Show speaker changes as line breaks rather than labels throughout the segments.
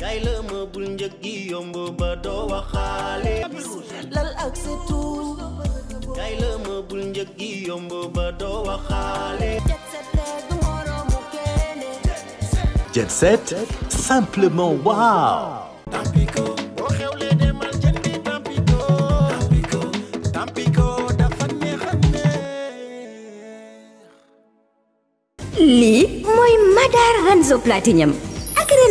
kay la meuble njëg gi yomb ba doo lal ak seetu kay la meuble njëg gi yomb ba doo waxaale
Jet Set simplement waaw
lii mooy Madar Ranzo Platinum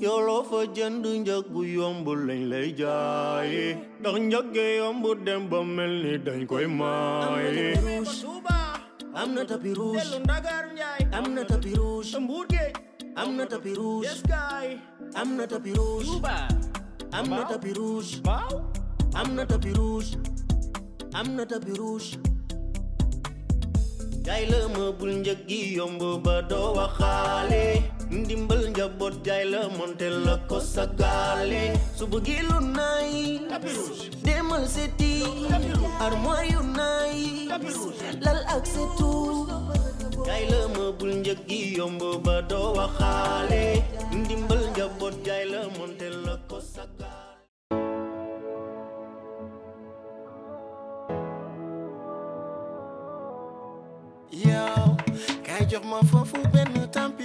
yooloo fa jënd njëg bu yomb lañ lay jaay ndax njëg gi yomb dem ba mel dañ koy maay am na tapis rouge am na tapis rouge am na tapis rouge am na tapis rouge am na tapis rouge am na tapis rouge am na tapis rouge jaay la ma bul njëg gi yomb ba doo waxaale ndimbal njaboot jaay la monte la ko gaale
su bëggee lu demal seeti armoire yu lal ak seetu
jaay la meuble njëg gi yomb ba doo waxaale ndimbal njaboot jaay la monte la ko gaale yow kay jox ma foofu benn tampi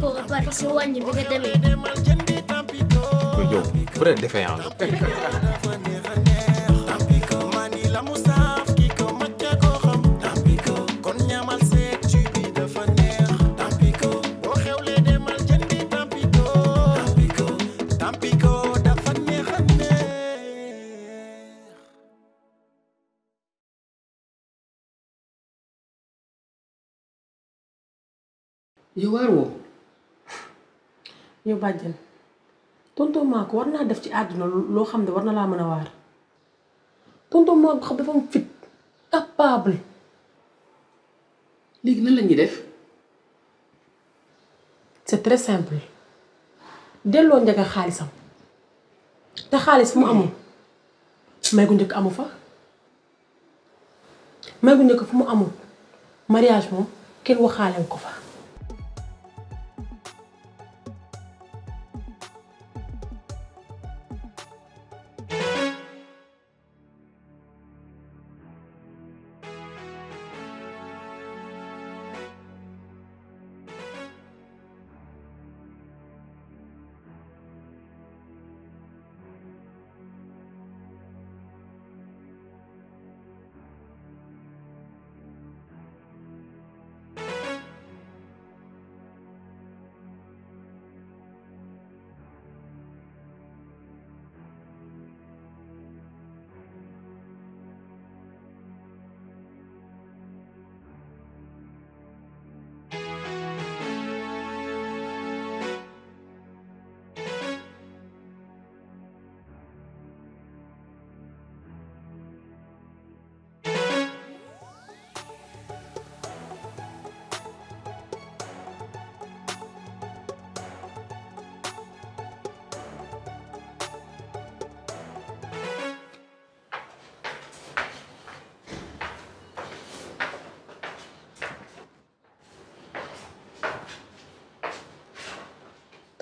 ko ba pare si wàññi bi nga demee.
loolu yow vrai défaillant la.
yow waar woo yow
bàjjen tonto Maako war naa def ci àdduna loo xam ne war na laa mën a waar tonton Maako xam dafa fit capable léegi nan la ñuy def c'est très simple delloo njëkk xaalisam te xaalis fu mu amul may gu njëkk amu fa may gu njëkk fu mu amul mariage moom kenn waxaale ko fa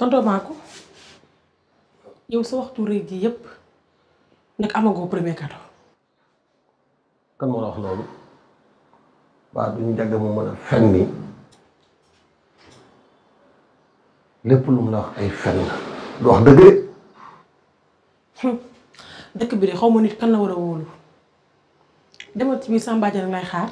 tonton Maako yow sa waxtu rëy ji yëpp nag amagoo premier cadeau.
kan moo la wax loolu. waaw duñu jagg mu mën a fen ni lépp lu mu la wax ay fen la du wax dëgg
dëkk bi de xaw ma nit kan la war a wóolu demal ci biir Samba lay xaar.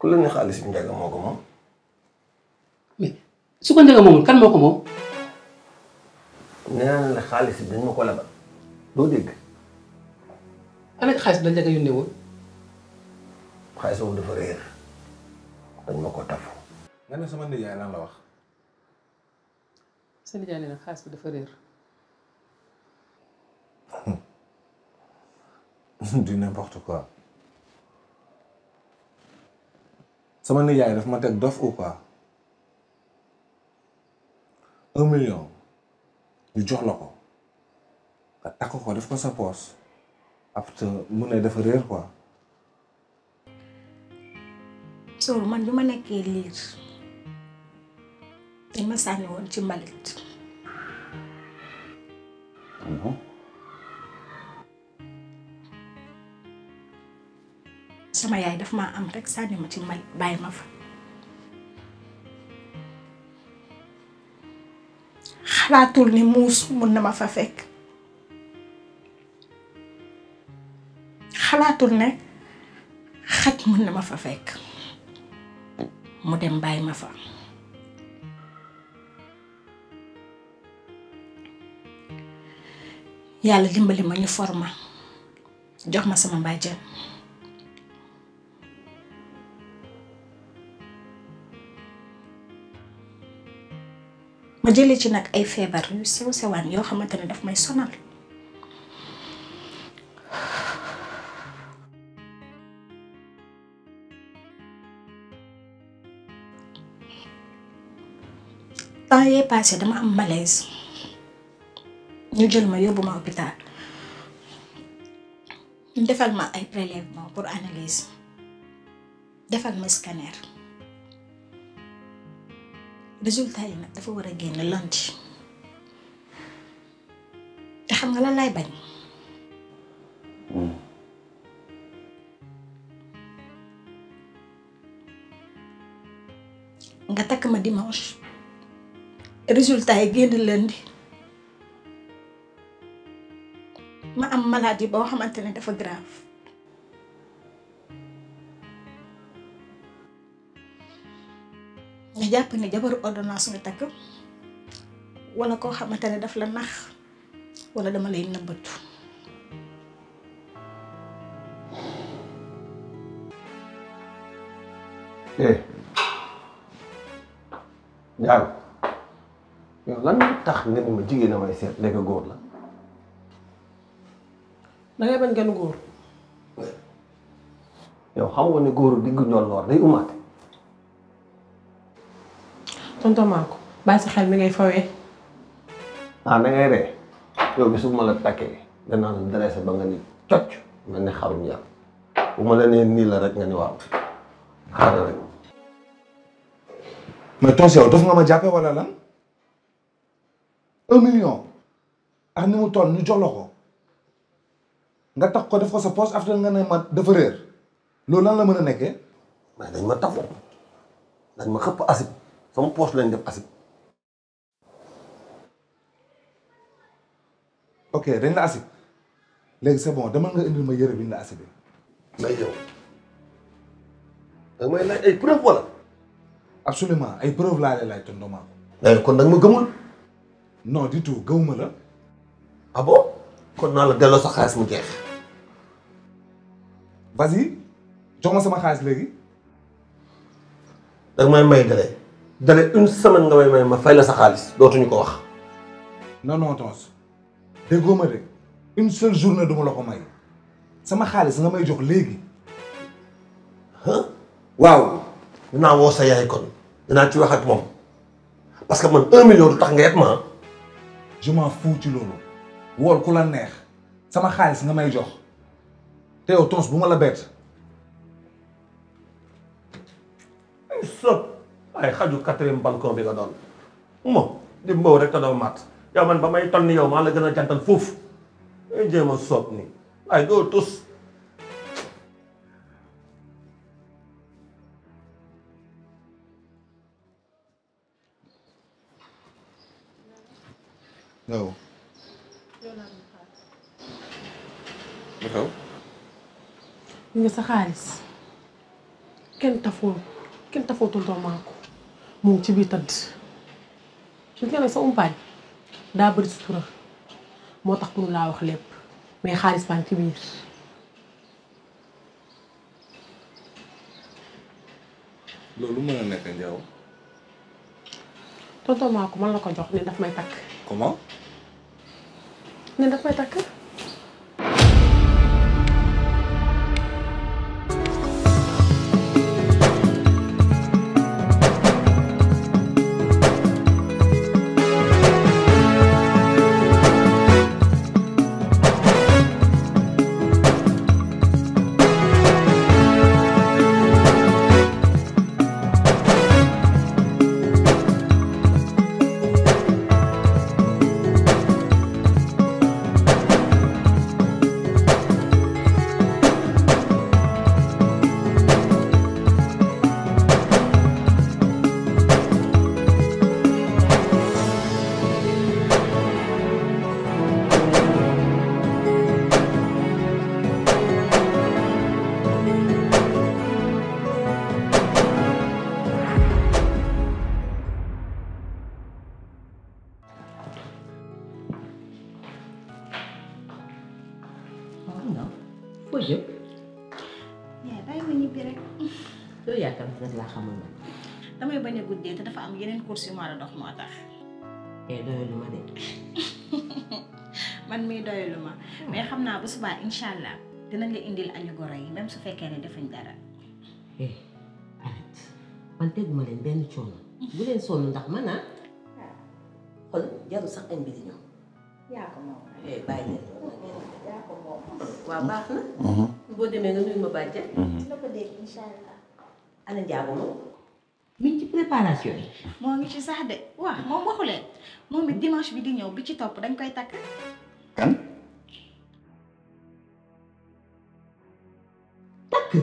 ku la neex Alice Ndiaga moo ko moom.
mais su ko Ndiaga moom kan moo ko moom.
nee naa la xaalis bi dañ ma ko lebal doo dégg. ana xaalis xaalis boobu dafa réer dañ ma ko taf. nga sama nijaay lan la wax.
sa nijaay nee xaalis bi dafa réer.
du n'importe quoi. sama nijaay daf ma teg dof ou quoi un million ñu jox la ko nga takk ko def ko sa poos après mu ne dafa réer quoi.
Sow man bi ma nekkee liir dañ ma sànni woon ci mbalit. Mm-hmm. sama yaay daf ma am rek sànni ma ci ma bàyyi ma fa xalaatul ni muus mun na ma fa fekk xalaatul ne xaj mun na ma fa fekk mu dem bàyyi ma fa yàlla dimbali ma ñu forma jox ma sama mbàjjen ma jëlee ci nak ay feebar yu sew sewaan yo xamantene daf may sonal tayé passé dama am malaise ñu jël ma yobbu ma hôpital defal ma ay prélèvement pour analyse defal ma scanner résultat yi nag dafa war a génn lundi te xam nga lan lay bañ nga takk ma dimanche résultat yi génn lundi ma am maladie boo xamante ne dafa grave japp ne jabaru ordonnance nga tak wala ko xamantene daf la nax wala dama lay
eh jaaw yo lan tax nga dama jigeena way set may goor la
da ngay dangay bañ gan goor
yo xam nga ne góoru diggu lor day umaate
tonton mako ko bàyyi sa xel mi ngay fawee.
ah na ngay ré yow bis la také da ya. la dressé ba nga ni cocc mel ni xarum yàlla bu ma la né ni la rek nga ni waaw xaaral rek. mais dof nga ma jappé wala lan 1 million ak ni mu ton ñu jox ko nga tax ko def ko sa poste after nga né ma dafa réer lan la mëna dañ ma dañ ma xëpp asib. comme poche lañ def acide. ok dañ la acide léegi c'est bon nga indil ma yére bi ñu la acide. may yow da may laaj ay preuve wala. absolument ay preuve laa lay laaj tonton Maako. mais eh, kon da ma gëmul. non du tout gëwuma la. ah bon kon naa la delloo sa xaalis mu jeex. vas-y jox ma sama xaalis léegi. da may may dale. une semaine nga ma fay sa ko wax. non non Je vais une seule journée ma la ko may sama de nga Hein? jox Je waaw. à woo sa yaay je dinaa ci wax ak parce que man un million de tax nga je m'en fous ci l'eau. Je ku la neex sama xaalis nga may jox Tu es la bête ay xaju quatrième balcon bi nga doon moom di mbow rek te doo matt yow man ba may tonni yow maa la gën a jantal foofu ay jéem a soob ni ay doo tus
nga sa xaalis kenn tafoo kenn tafoo tonton Manko mu ci biir tëdd gis nga nag sa umpaañ daa bëri sutura moo tax mënu laa wax lépp mais xaalis baa ngi ci biir
loolu mën a nekk njaw
tonton ko man la ko jox ne daf may takk comment ne daf may takk
pour si mën a dox moo tax. eh doyul ma de. man mii doyul ma. mais xam naa bu subaa incha allah dinañ la indil añu goro yi même su fekkee ne defuñ dara. eh arrête man teguma leen benn coono. bu leen sonn ndax man ah. ah. xool jarul sax añ bi di ñëw. yaa ko moom. eh baax na. Mhm. boo demee nga nuyu ma bàjjee. Mhm. dina ko dégg incha allah. ana mi ngi ci préparation yi. moo ngi ci sax de waaw moom waxu leen moom it dimanche bi di ñëw bi ci topp dañ koy takk. kan. takk.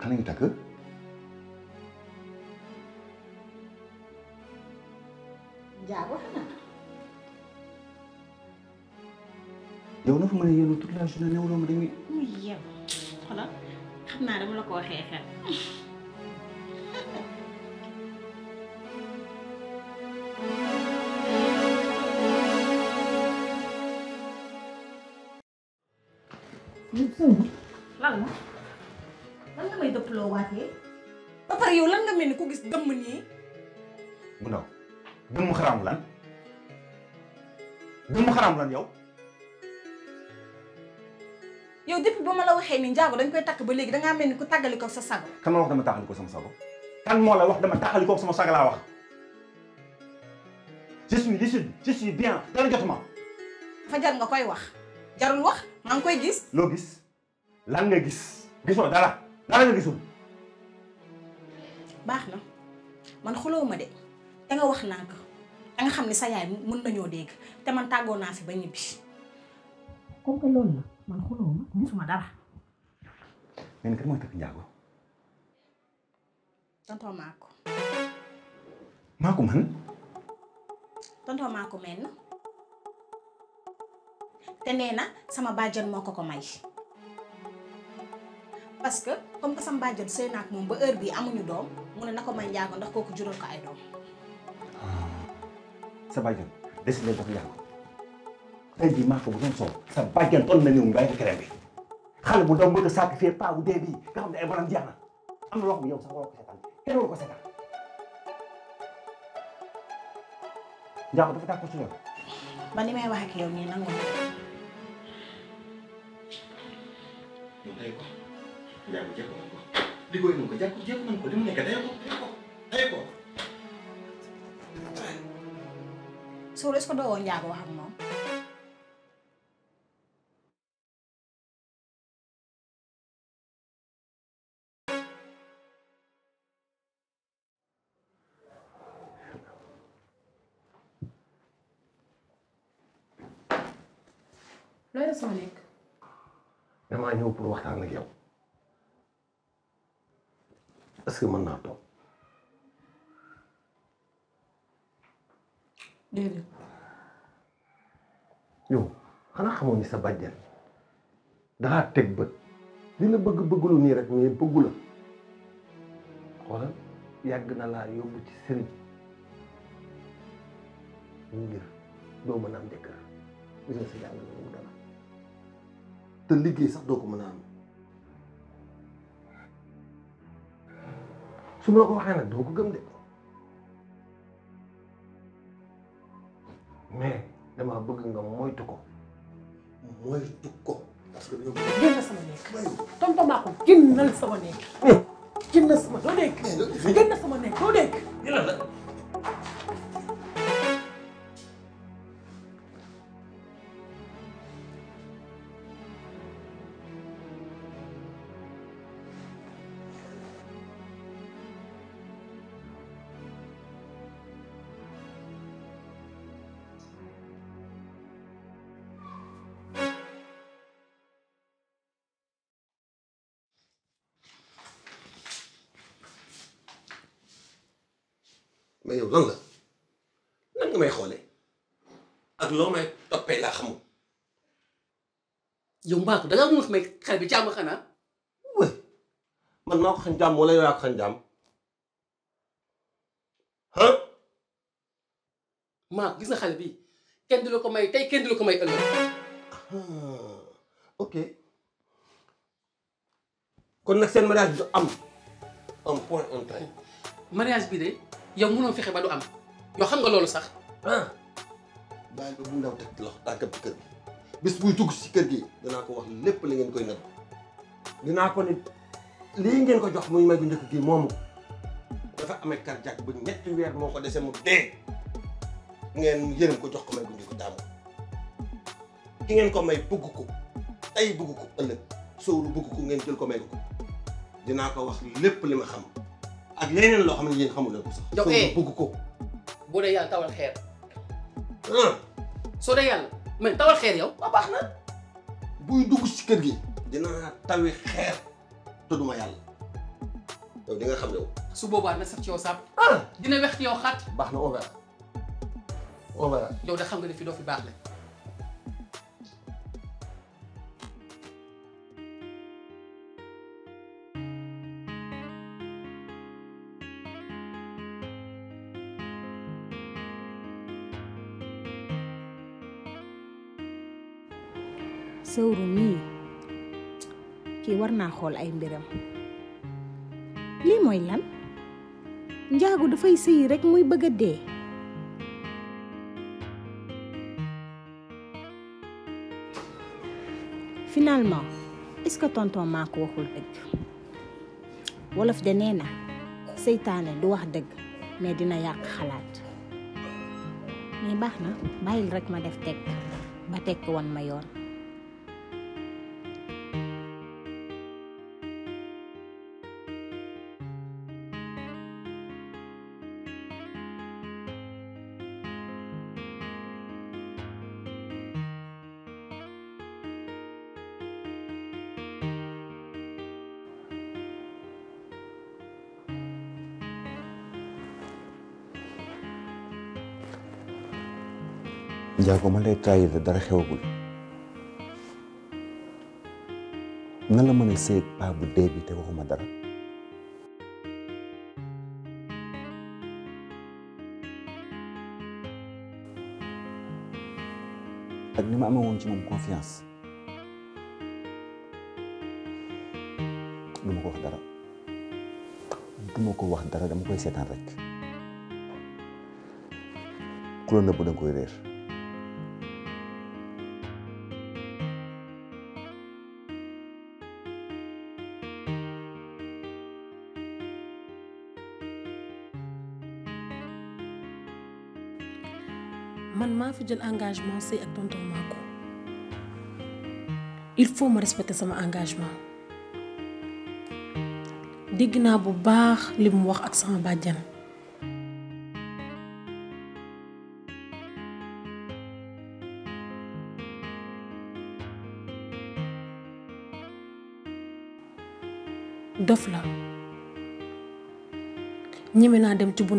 kan l a i takk. toute la journée newuloo ma dañuy.
yow xoolal xam naa dama la ko waxee xel. lan la lan nga may dëppaloo waatee ba pare yow lan nga mel ni ku gis dëmm nii.
bu ndaw dëmm xaraam lan dëmm xaraam lan
waxe ni njaago dañ koy tak ba legui da nga melni ku tàggali ko sa sago
kan moo wax dama tàggali ko sama sago kan mo la wax dama tàggali ko sama sago la wax je suis lucide je suis bien dara jotuma
fa jar nga koy wax jarul wax maa koy gis
lo gis lan nga gis gisoo dara dara nga gisul
baax na man xuloo de da nga wax naa da nga xamni sa yaay mën nañu deg te man tagona fi ba ñibbi comme que lool la man xuloo gisuma dara
neen kan mooy Papy Ndiago.
tonton Maako. Maako man. tonton Maako men te nee na sama bàjjan moo ko ko may. parce que comme que sama bàjjan sëy na ak moom ba heure bii amuñu doom mu ne na ko may Ndiago ndax kooku jural ko ay doom.
Ah, sa bàjjan des na Papy Ndiago tey jii maa ko bu doon soow sa bàjjan toll na ñëw mu ko keneen bi. xale bu doon bëgg a bu dee bii nga xam ne xam ne yow sax waroo ko yow.
man li ko yaa ko
jékkoon ko liggéey nañ ko jékkoon ko li mu nekk day ko day ko.
Sow est wax ak
ñëw pour waxtaan ak yow est-ce que man na toog. dede yo xana xamoo sa bàjjen da teg bët li la bëgg bëggulu ni rek mais bëggu xolal yag na la yóbbu ci sëriñ ngir do mën a am jëkkër gis nga sa jàng liggéey sax doo ko mën su ma la ko waxee nag doo ko gëm de mais dama bëgg nga moytu ko moytu ko parce que yow. génn sama
nekk tonton Bakhoum génnal sama nekk. génn sama doo dégg. génn sama nekk doo dégg.
yow lan la lan nga may xoolee ak loo may toppee laa xamul. yow Mbacke da ngaa muus may xale bi jàmm xanaa. oui man maa ko xañ jàmm wala yow yaa ko xañ jàmm
ah. Mbacke gis nga xale bi kenn du la ko may tey kenn du la ko may ëllëg.
ok kon nag seen mariage du am
un point un trait. mariage bi de. yow mënoo fexe ba du am yow xam nga loolu sax
ah. bàyyi ba bu ndaw teg loxo tàggam ci kër gi bis buy dugg si kër gi danaa ko wax lépp li ngeen koy nat dinaa ko nit ngeen ko jox muy maju njëkk moomu dafa amee cardiaque bu ñetti weer moo ko dese mu dee ngeen yërëm ko jox ko may bu njëkk daamu ki ngeen ko may bëgg ko tey ëllëg sowlu bëgg ko ngeen jël ko dinaa ko wax lépp li ma xam ak leneen loo xam ne yéen xamul ko sax. yow eh bëgg ko. boo dee yàlla tawal xeer.
soo dee yàlla mais tawal xeer yow ba baax na.
buy dugg si kër gi. dinaa tawi xeer te duma yàlla. yow di nga xam yow.
su boobaa na sax ci yow sàpp. dina wex ci yow xat.
baax na on verra
yow da xam nga ne fi baax la.
sëwru mii kii war naa xool ay mbiram lii mooy lan njaagu dafay sëyi rekk muy bëgg a dee finalement est-ce que tonton maa ko waxul dëgg wolof de nee na seytaane du wax dëgg mais dina yàq xalaat mais baax na bàyyil rekk ma def teg ba tekk wan ma yoon
જાગોમાં ટ્રાય દ દરખેવગુલ nan la mën a seeg paa bu dee bi te waxuma dara ak ni ma amee woon ci moom confiance du ma ko wax dara du ma ko wax dara dama koy seetaan rek ku la nëbbu da nga koy réer
jël engagement c'est ak ton Maako il faut me respecter son engagement Digne à bu baax li mu wax ak sama bàjjan dof la ñeme naa dem ci bu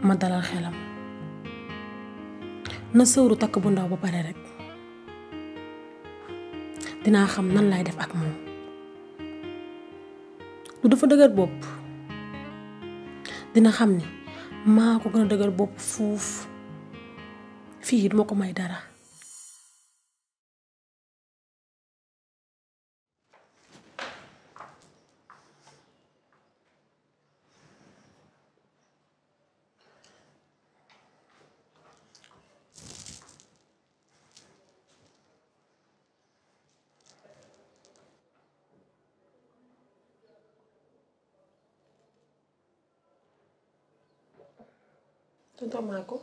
ma dalal xelam na sëwru takk bu ndaw ba pare rek dinaa xam nan laay def ak moom lu dafa dëgër bopp dina xam ni maa ko gën a dëgër bopp fuuf fii
it moo ko may dara
tomaco.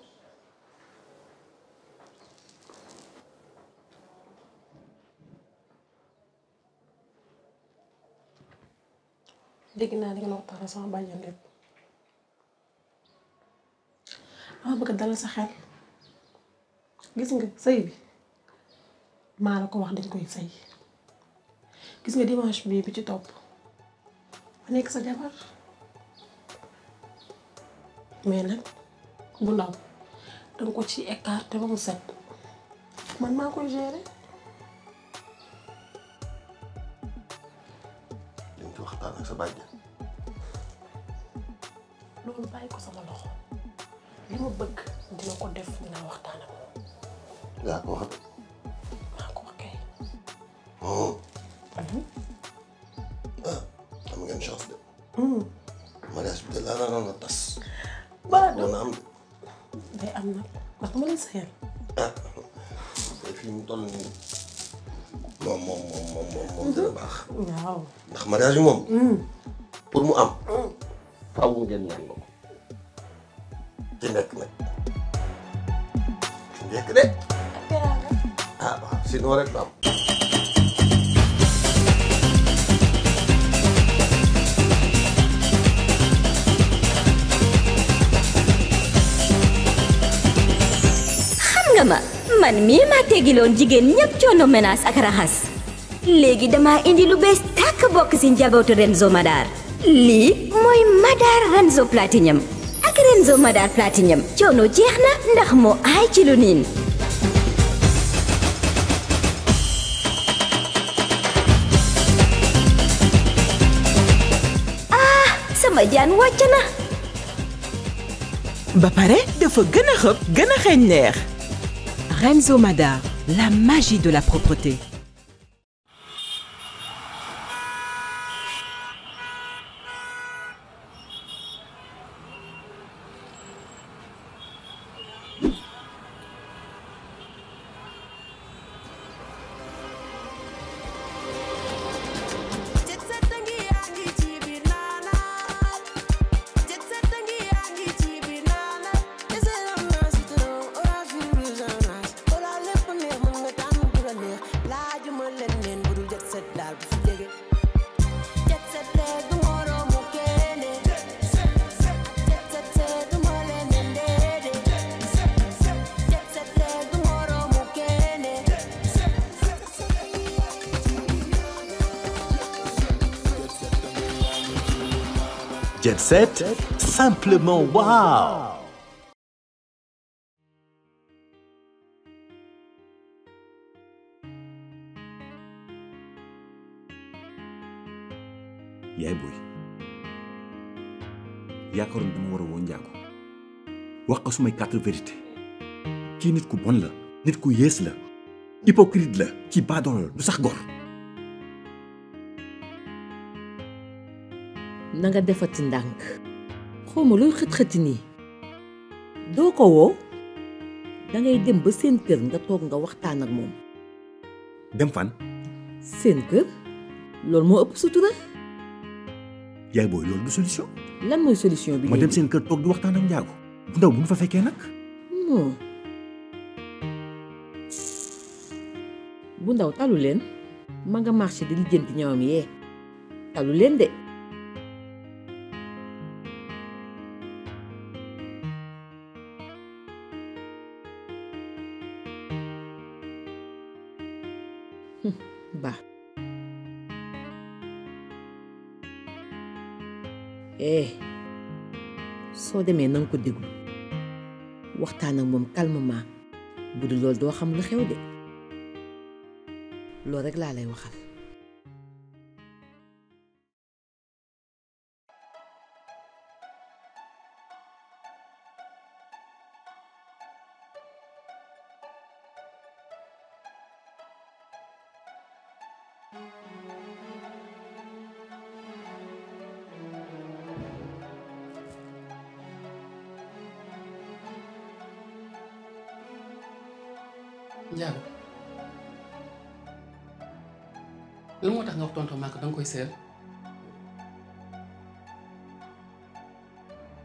dégg naa li nga ma waxtaan sama bàjjan lépp dama bëgg dalal sa xel gis nga sëy bi maa la ko wax dañ koy gis nga dimanche bii bi ci top. ma sa jabar mais bu ndaw danga ko ci écarté ba mu set man maa koy gérer. loolu bàyyi ko sama loxo li ma bëgg dina ko def dina waxtaan
ak ko wax. maa ko wax kay. Oh. mariage mom hmm. pour mu am. faaw ngeen ñaan ma ko. ci nek nag. nek nekk de. ah ci no rek du am.
ma man mii maa tegiloon jigéen ñëpp coono menace ak rahas léegi dama indi lu bees ka bokk si Renzo Madar Li, mooy Madar Renzo Platinum ak Renzo Madar Platinum coono jeex na ndax ah sama jaan wàcc ba pare dafa gën a Renzo Madar la magie de la propreté
Jet Set,
simplement wow yaay booy yaakaaroon dama war a woo njaago wax ko sumay quatre vérité kii nit ku bon la nit ku yées la hypocrite la kii baadoolo la du sax gor
na nga ci ndànk xawma ma looy xët-xëti nii doo ko woo da ngay dem ba seen kër nga toog nga waxtaan ak moom. dem fan. seen kër loolu moo ëpp sutura.
yaay booy loolu du solution.
lan mooy solution bi. ma
dem seen kër toog di waxtaan ak njaago
bu ndaw bu ñu fa fekkee nag. bu ndaw talu leen ma nga marché di lijjanti ñawam yee talu leen de. বাহ eh Só de na nga ko déglu waxtaan ak moom calmement bu dul loolu doo xam lu xew de loolu rek laa lay waxal
ko danga koy seel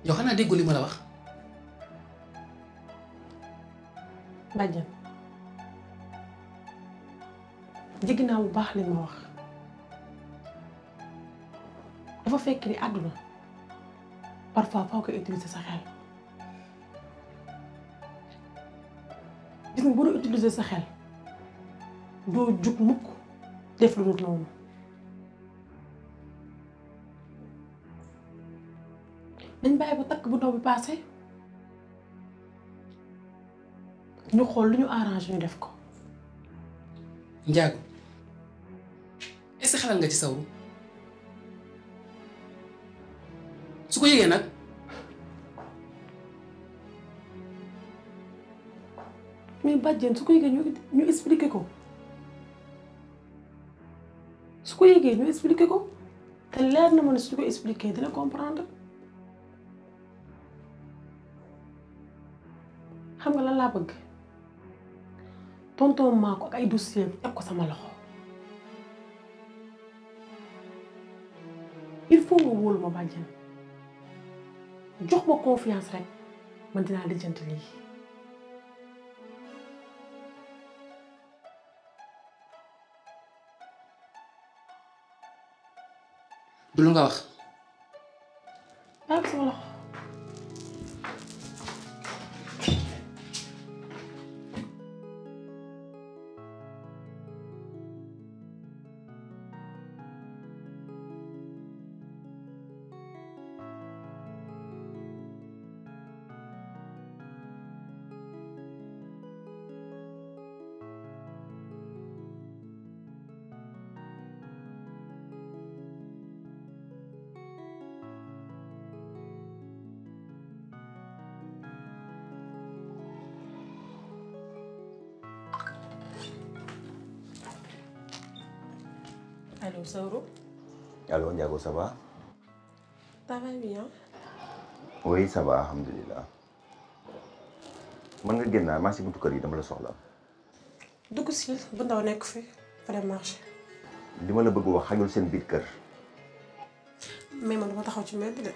yow xanaa déggu li ma la wax.
Badiane jéggi naa bu baax li ma wax dafa fekk ni àdduna parfois foo koy utiliser sa xel gis nga bu utiliser sa xel doo jug mukk def lu dul noonu. dañ bàyyi ba takk bu ndaw bi paase ñu xool lu ñu arrangé ñu def ko.
Ndiago est-ce nga ci sawru su ko yëgee nag
mais bàjjen su ko yëgee ñu ñu ko su ko yëgee ñu expliqué ko te leer na ma ne su ñu ko expliqué dina comprendre. la la laa bëgg tonton maa ko ak ay dossier ak ko sama loxo il faut mo wol mo bàjjen jox ma confiance rek man dina lijjanti lii du lu nga wax. bàyyi sama loxo. Allô, Saoro
Allô, Ndiago, ça va
Ça va bien
Oui, nga génn naa maa si buntu kër gi dama la soxla.
dugg si bu ndaw nekk fi fa dem marché.
li ma la bëgg wax xajul seen biir kër.
mais ma dama taxaw ci mbedd de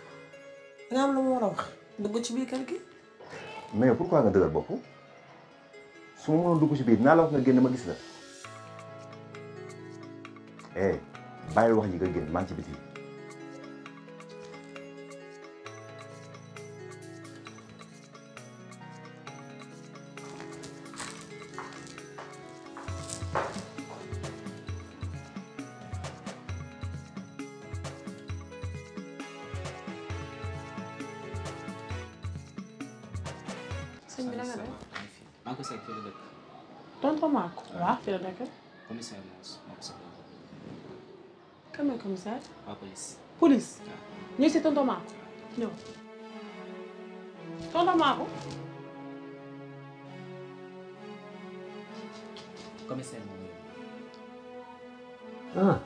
danga am lu ma wax dugg ci biir kër gi.
mais pourquoi nga dëgër bopp su ma mënoon dugg ci biir naa la wax nga génn ma gis la. eh bàyyil wax ji nga génn maa ngi ci biti
sëñ bi la nga def
maa ngi ko seet fii la dëkk.
tontu maa ko waaw fii la dëkk.
commissaire Moussa
Comme un commissaire La police. Police Nous, está tonton Marco. Non. Tonton Marco Commissaire, Ah.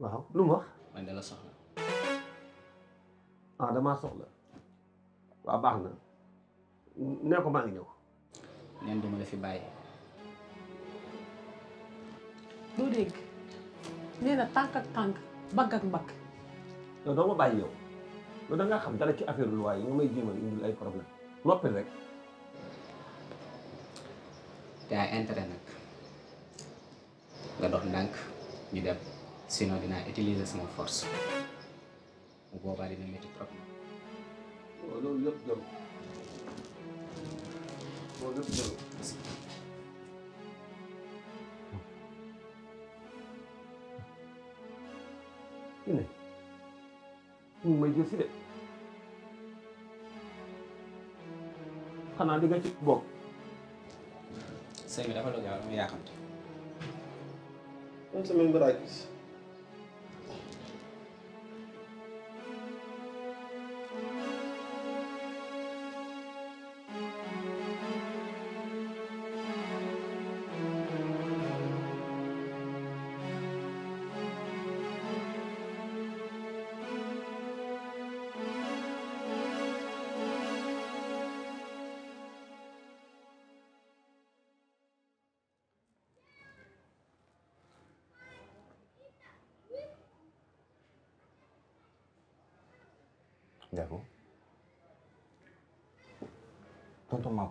waaw lu mu wax. man de la soxla. ah damaa soxla. waaw baax na. nee ko maa ngi ñëw.
neen duma la fi
doo dégg nee na tànk ak tànk mbagg ak mbagg.
yow loolu da xam dara ci affaire lu waaye nga may jéem a indil ay problème noppil nag nga dox ndànk ñu dem sinon
dinaa utiliser sama force bu boobaa dina métti trop.
waaw ñu ne ñu ngi may jël de xanaa di nga ci bokk.
sëñ dafa doon yàlla muy yàqante. une
semaine ba laa gis.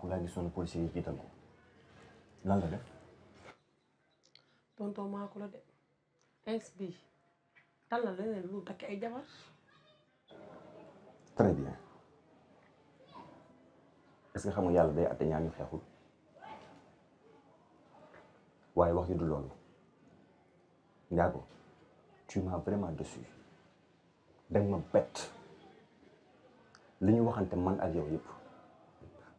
ngaa gisoon policier yi jiital ko lan la def.
tonton maa la de ins bi tal la leneen lu takk ay jabar. très bien
est-ce que xam yàlla day àtte ñaar ñu xeexul waaye wax ji du loolu Ndiago tu m'as vraiment déçu danga ma bett li waxante man ak yow yëpp.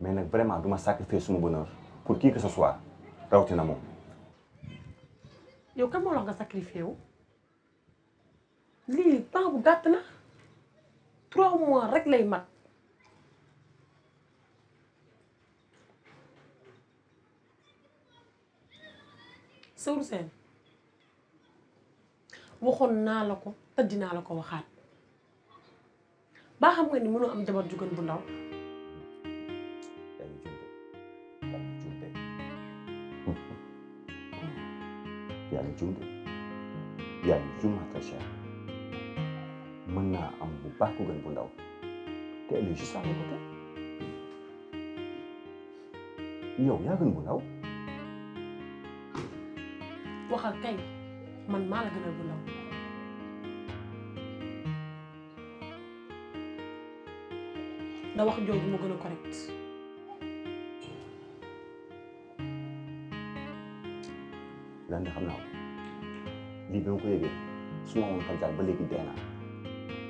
mais nag vraiment duma ma sacrifier suma bonheur pour qui que ce soit rawatina moom.
yow kan moo la nga sacrifié wu lii temps bu gàtt na trois mois rek lay mat Sëwru Seen waxoon naa la ko te naa la ko waxaat ba xam nga ni mënoo am jabar ju bu ndaw.
Yang yanjuma tasha muna ambu ba ku gan bundau te le shi sa iya, iya ko iyo ya gan bundau
waxal kay man mal la gënal bundau da wax jooju correct
lante xam naa ko lii bi ma ko su ma woon Fadjaal ba léegi dee naa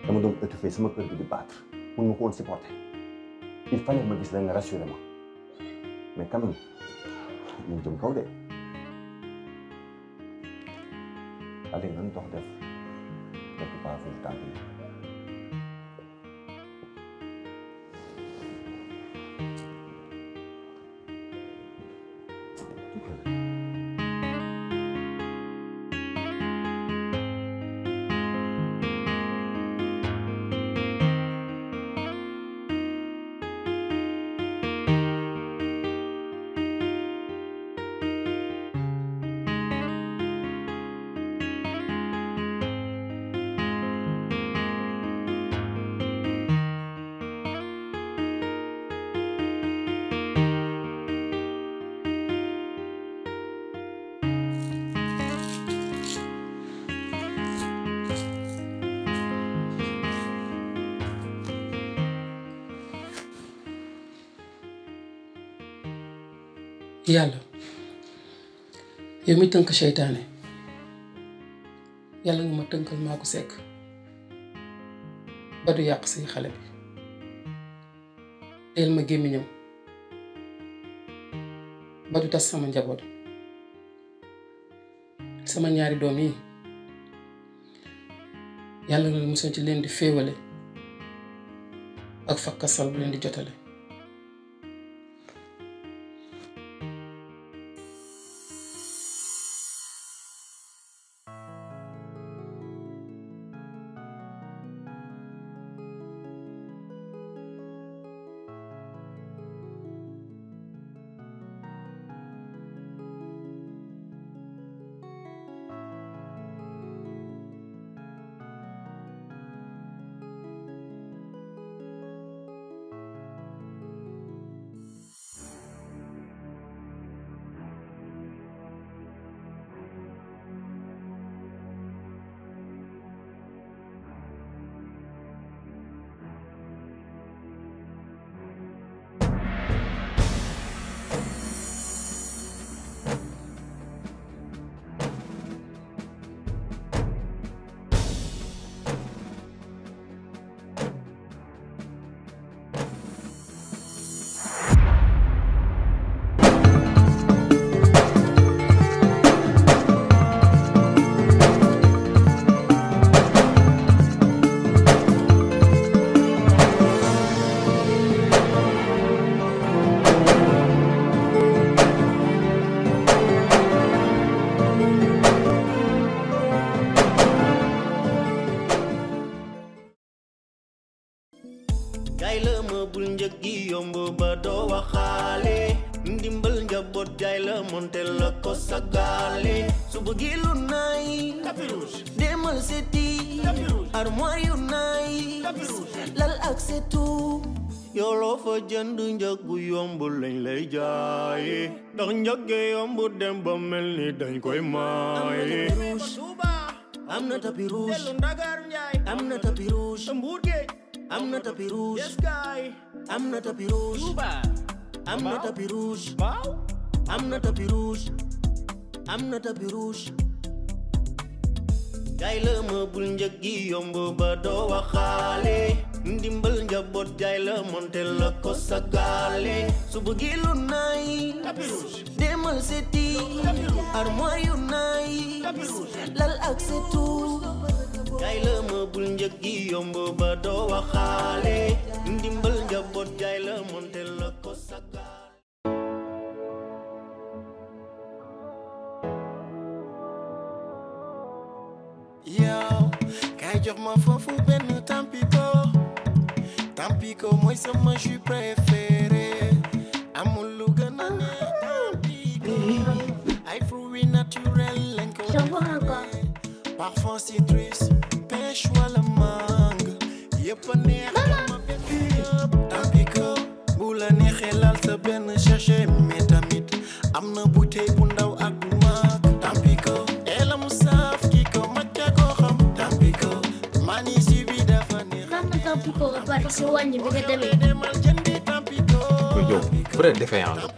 dama doon étouffé sama kër gi di battre mun ma ko woon supporter fan fallait ma gis la nga rassuré ma mais quand ñu jëm kaw de allez nga dox def quelque part foofu tànk
yàlla yow mi tënk seytaane yàlla nga ma tënkal maa ko sekk ba du yàq si xale bi teel ma gémmiñam ba du tas sama njaboot sama ñaari doom yi yàlla nga musal ci leen di féewale ak fakkasal bu leen di jotale
yombo ba do waxale ndimbal njabot jay la montel la ko sagale
su bëggee lu naay demal seeti armoire yu naay lal ak
setu yo lo fa jënd njëg bu yomb lañ lay jaay ndax njëgge yomb dem ba melni dañ koy maaye amna tapi rouge amna tapi rouge amna tapi rouge yes guy. I'm not a pirouche. I'm not a pirouche. I'm not a pirouche. I'm not a pirouche. jaay la bul njagi gi yomb ba doo waxaale ndimbal njaboot jaay la monte la ko sagaale
su demal seti. armoire yu naay lal ak seetu
jaay la meuble njëg yi yomb ba doo waxaale ndimbal njaboot jaay la monte la ko sakkaale yow kay jox ma foofu benn tampiko tampiko mooy sama jus préféré amul lu gën a ne tampiko ay fruits naturels lañ ko parfum
citrus wàññi bi nga demee.
yow vrai défaillant nga.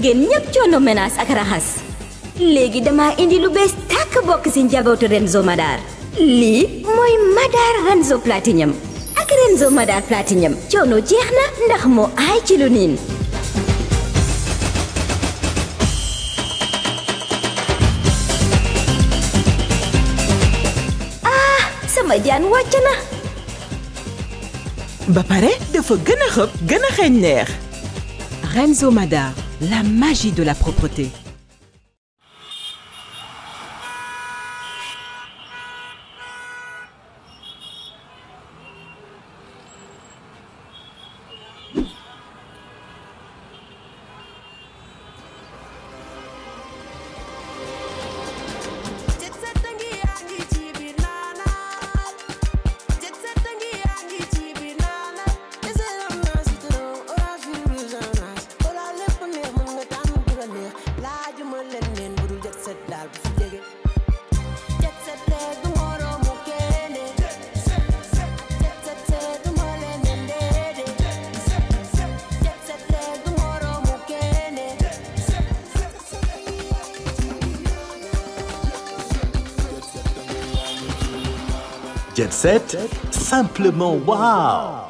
jigéen ñépp coono menace ak raxas léegi dama indi lu bees tàkk bokk ci njabootu Renzo Madar lii mooy Madar Renzo Platinum ak Renzo Madar Platinum coono jeex na ndax moo aay ci lu niin ah sama jaan wàcc na ba pare dafa gën a xëpp gën a xeeñ neex la magie de la propreté.
7, simplement waouh